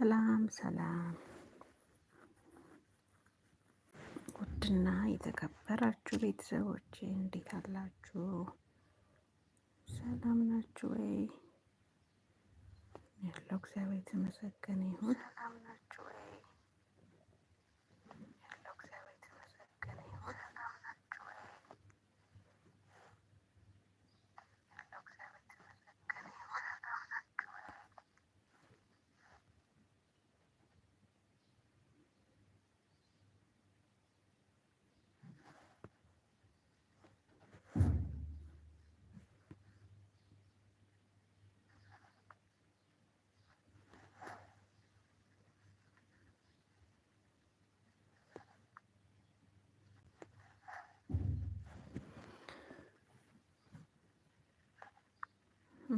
ሰላም ሰላም ውድና የተከበራችሁ ቤተሰቦች እንዴት አላችሁ? ሰላም ናችሁ ወይ? ያለው እግዚአብሔር የተመሰገነ ይሁን።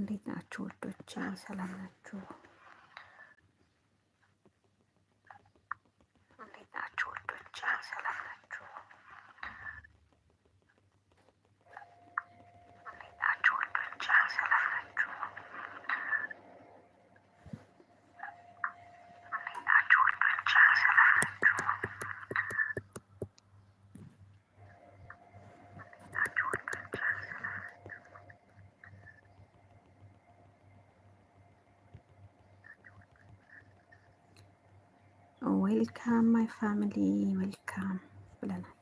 እንዴት ናችሁ ውዶች? ሰላም ናችሁ? ዌልካም ማይ ፋሚሊ ዌልካም ብለናል።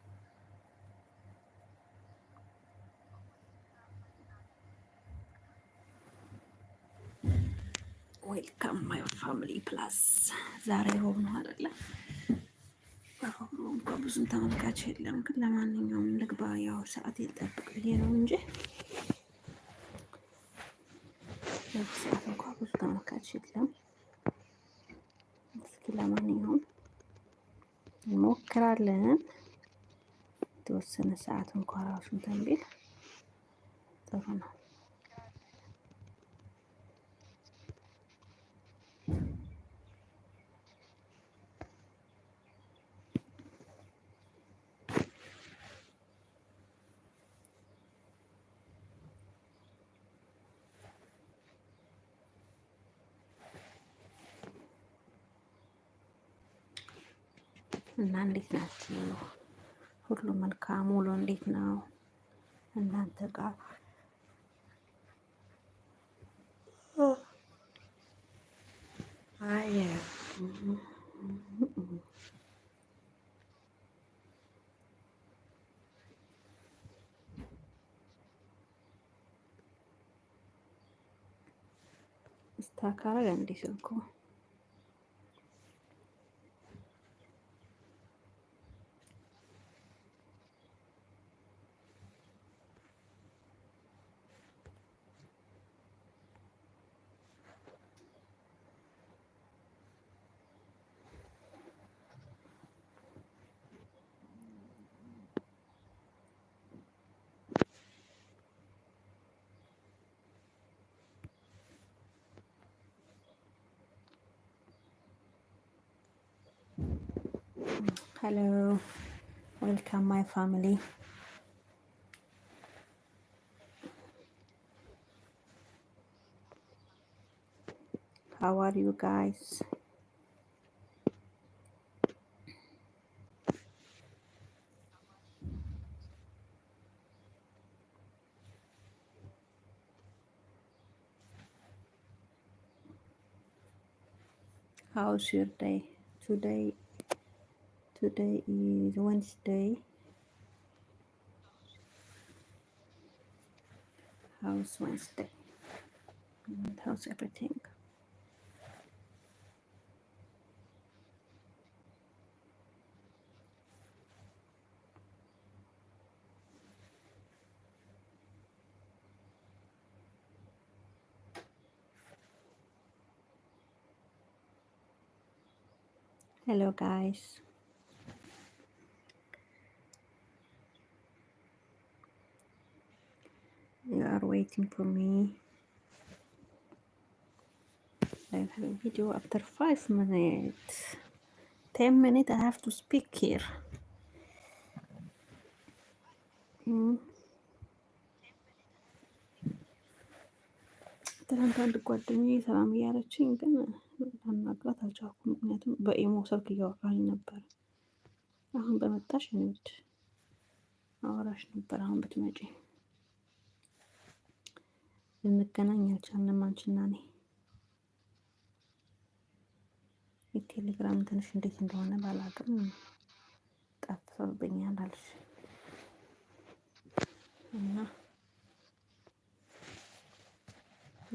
ዌልካም ማይ ፋሚሊ ፕላስ ዛሬ ሮብ ነው አይደለ? ሮብ ብዙም ተመልካች የለም፣ ግን ለማንኛውም ልግባ። ያው ሰዓት ልጠብቅ ብዬ ነው እንጂ ሰዓት እንኳ ብዙ ተመልካች የለም። እስኪ ለማንኛውም እንሞክራለን። የተወሰነ ሰዓት እንኳን ራሱን ተንቢል ጥሩ ነው። እና እንዴት ናችሁ? ሁሉ መልካም ውሎ እንዴት ነው እናንተ ጋር? አየ ስታካራ እንዲህ ስልኩ Hello, welcome my family. How are you guys? How's your day today? Today is Wednesday. How's Wednesday? And mm, how's everything? Hello guys. are waiting for me. I have a video after five minutes. Ten minutes I have to speak here. Hmm. ትናንት አንድ ጓደኛዬ ሰላም እያለችኝ ግን አናግራት አልቻልኩም። ምክንያቱም በኢሞ ስልክ እያወራኝ ነበር። አሁን በመጣሽ እንሂድ አወራሽ ነበር አሁን ብትመጪ ልንገናኝ አልቻልንም አንቺና እኔ። የቴሌግራም ትንሽ እንዴት እንደሆነ ባላቅም ጠፍቶብኛል አልሽ እና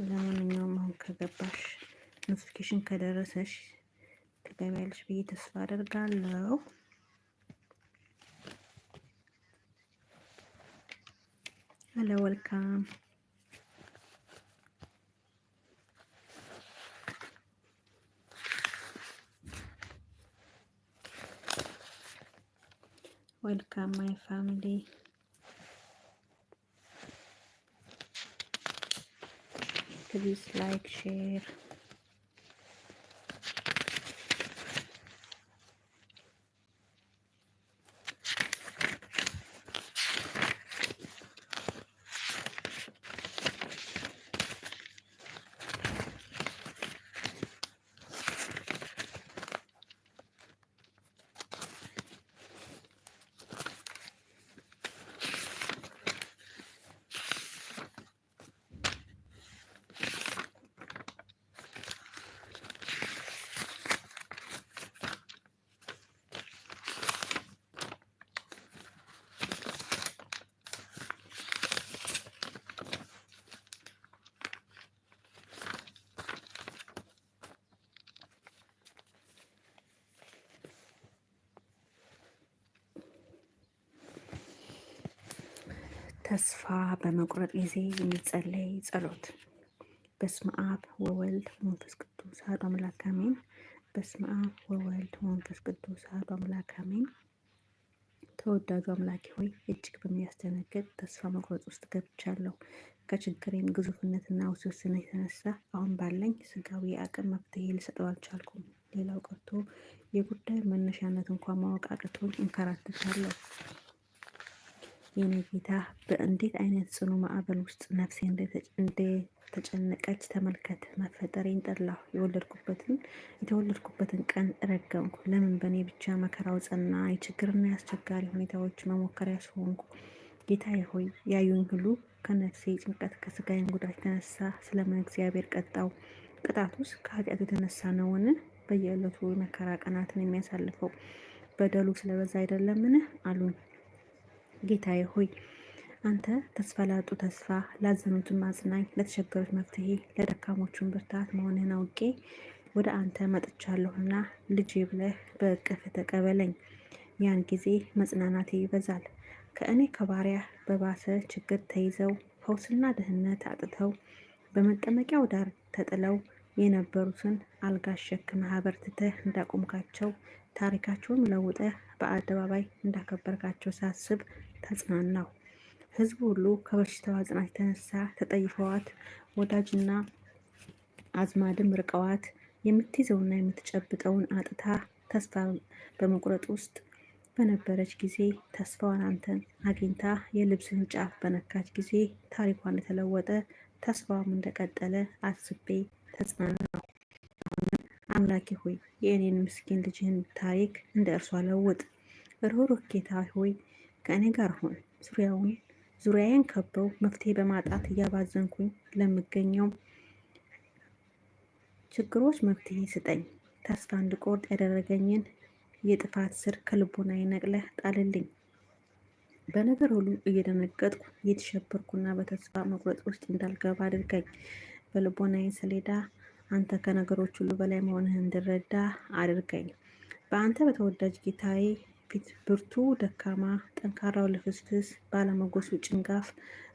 ለማንኛውም አሁን ከገባሽ ኖቲፊኬሽን ከደረሰሽ ትገቢያለሽ ብዬ ተስፋ አደርጋለሁ። ሄሎ ወልካም Welcome, my family. Please like, share. ተስፋ በመቁረጥ ጊዜ የሚጸለይ ጸሎት። በስመ አብ ወወልድ መንፈስ ቅዱስ አሐዱ አምላክ አሜን። በስመ አብ ወወልድ መንፈስ ቅዱስ አሐዱ አምላክ አሜን። ተወዳጁ አምላኪ ሆይ እጅግ በሚያስደነግጥ ተስፋ መቁረጥ ውስጥ ገብቻለሁ። ከችግሬም ግዙፍነትና ውስብስነት የተነሳ አሁን ባለኝ ስጋዊ አቅም መፍትሄ ልሰጠው አልቻልኩም። ሌላው ቀርቶ የጉዳዩ መነሻነት እንኳን ማወቅ አቅቶኝ እንከራተታለሁ። የኔ ጌታ በእንዴት አይነት ጽኑ ማዕበል ውስጥ ነፍሴ እንደተጨነቀች ተመልከት። መፈጠሬን ጠላሁ፣ የወለድኩበትን የተወለድኩበትን ቀን ረገምኩ። ለምን በእኔ ብቻ መከራው ጸና? የችግርና የአስቸጋሪ ሁኔታዎች መሞከሪያ ሲሆንኩ ጌታ ሆይ ያዩኝ ሁሉ ከነፍሴ ጭንቀት ከስጋዬን ጉዳት የተነሳ ስለምን እግዚአብሔር ቀጣው? ቅጣቱስ ከኃጢአት የተነሳ ነውን? በየዕለቱ መከራ ቀናትን የሚያሳልፈው በደሉ ስለበዛ አይደለምን? አሉኝ። ጌታዬ ሆይ አንተ ተስፋ ላጡ ተስፋ፣ ላዘኑትን ማጽናኝ፣ ለተቸገሩት መፍትሄ፣ ለደካሞቹን ብርታት መሆንህን አውቄ ወደ አንተ መጥቻለሁና ልጄ ብለህ በእቅፍ ተቀበለኝ። ያን ጊዜ መጽናናቴ ይበዛል። ከእኔ ከባሪያ በባሰ ችግር ተይዘው ፈውስና ድህነት አጥተው በመጠመቂያው ዳር ተጥለው የነበሩትን አልጋ ሸክ ማህበር ትተህ እንዳቆምካቸው ታሪካቸውን ለውጠህ በአደባባይ እንዳከበርካቸው ሳስብ ተጽናናው። ህዝቡ ሁሉ ከበሽታዋ ጽናት የተነሳ ተጠይፈዋት ወዳጅና አዝማድም ርቀዋት የምትይዘውና የምትጨብጠውን አጥታ ተስፋ በመቁረጥ ውስጥ በነበረች ጊዜ ተስፋዋን አንተን አግኝታ የልብስን ጫፍ በነካች ጊዜ ታሪኳን የተለወጠ ተስፋዋም እንደቀጠለ አስቤ ተጽናናው። አሁንም አምላኬ ሆይ የእኔን ምስኪን ልጅህን ታሪክ እንደ እርሷ ለውጥ። ርኅሩህ ጌታ ሆይ ከእኔ ጋር ሆን ዙሪያውን ዙሪያዬን ከበው መፍትሄ በማጣት እያባዘንኩኝ ለምገኘው ችግሮች መፍትሄ ስጠኝ። ተስፋ እንድቆርጥ ያደረገኝን የጥፋት ስር ከልቦናዬ ነቅለህ ጣልልኝ። በነገር ሁሉ እየደነገጥኩ እየተሸበርኩና በተስፋ መቁረጥ ውስጥ እንዳልገባ አድርገኝ። በልቦናዬ ሰሌዳ አንተ ከነገሮች ሁሉ በላይ መሆንህ እንድረዳ አድርገኝ። በአንተ በተወዳጅ ጌታዬ ፊት ብርቱ ደካማ፣ ጠንካራው ልፍስፍስ፣ ባለመጎሱ ጭንጋፍ፣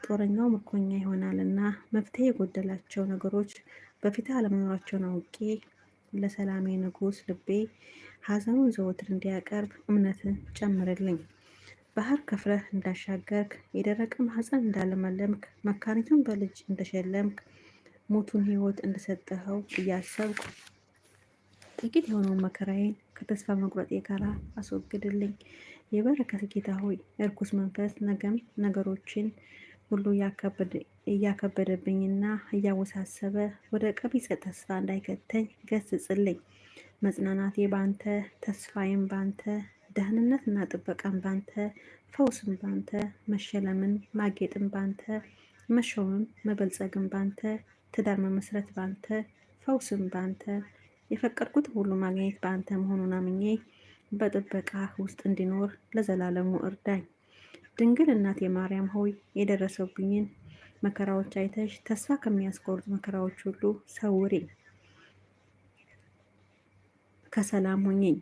ጦረኛው ምርኮኛ ይሆናል እና መፍትሄ የጎደላቸው ነገሮች በፊት አለመኖራቸውን አውቄ ለሰላሜ ንጉስ ልቤ ሀዘኑን ዘወትር እንዲያቀርብ እምነትን ጨምርልኝ። ባህር ከፍለህ እንዳሻገርክ የደረቀ ማህፀን እንዳለመለምክ መካኒቱን በልጅ እንደሸለምክ ሙቱን ህይወት እንደሰጠኸው እያሰብኩ ጥቂት የሆነውን መከራዬን ከተስፋ መቁረጥ የጋራ አስወግድልኝ። የበረከት ጌታ ሆይ እርኩስ መንፈስ ነገም ነገሮችን ሁሉ እያከበደብኝና እያወሳሰበ ወደ ቀቢጸ ተስፋ እንዳይከተኝ ገስጽልኝ። መጽናናቴ ባንተ፣ ተስፋዬም ባንተ፣ ደህንነትና ጥበቃም ባንተ፣ ፈውስም ባንተ፣ መሸለምን ማጌጥም ባንተ፣ መሾምም መበልጸግም ባንተ፣ ትዳር መመስረት ባንተ፣ ፈውስም ባንተ መሸለምን ማጌጥም ባንተ መሾምም መበልጸግን ባንተ ትዳር መመስረት ባንተ ፈውስም ባንተ የፈቀድኩት ሁሉ ማግኘት በአንተ መሆኑን አምኜ በጥበቃ ውስጥ እንዲኖር ለዘላለሙ እርዳኝ። ድንግል እናቴ ማርያም ሆይ የደረሰብኝን መከራዎች አይተሽ ተስፋ ከሚያስቆርጡ መከራዎች ሁሉ ሰውሬ ከሰላም ሁኝኝ።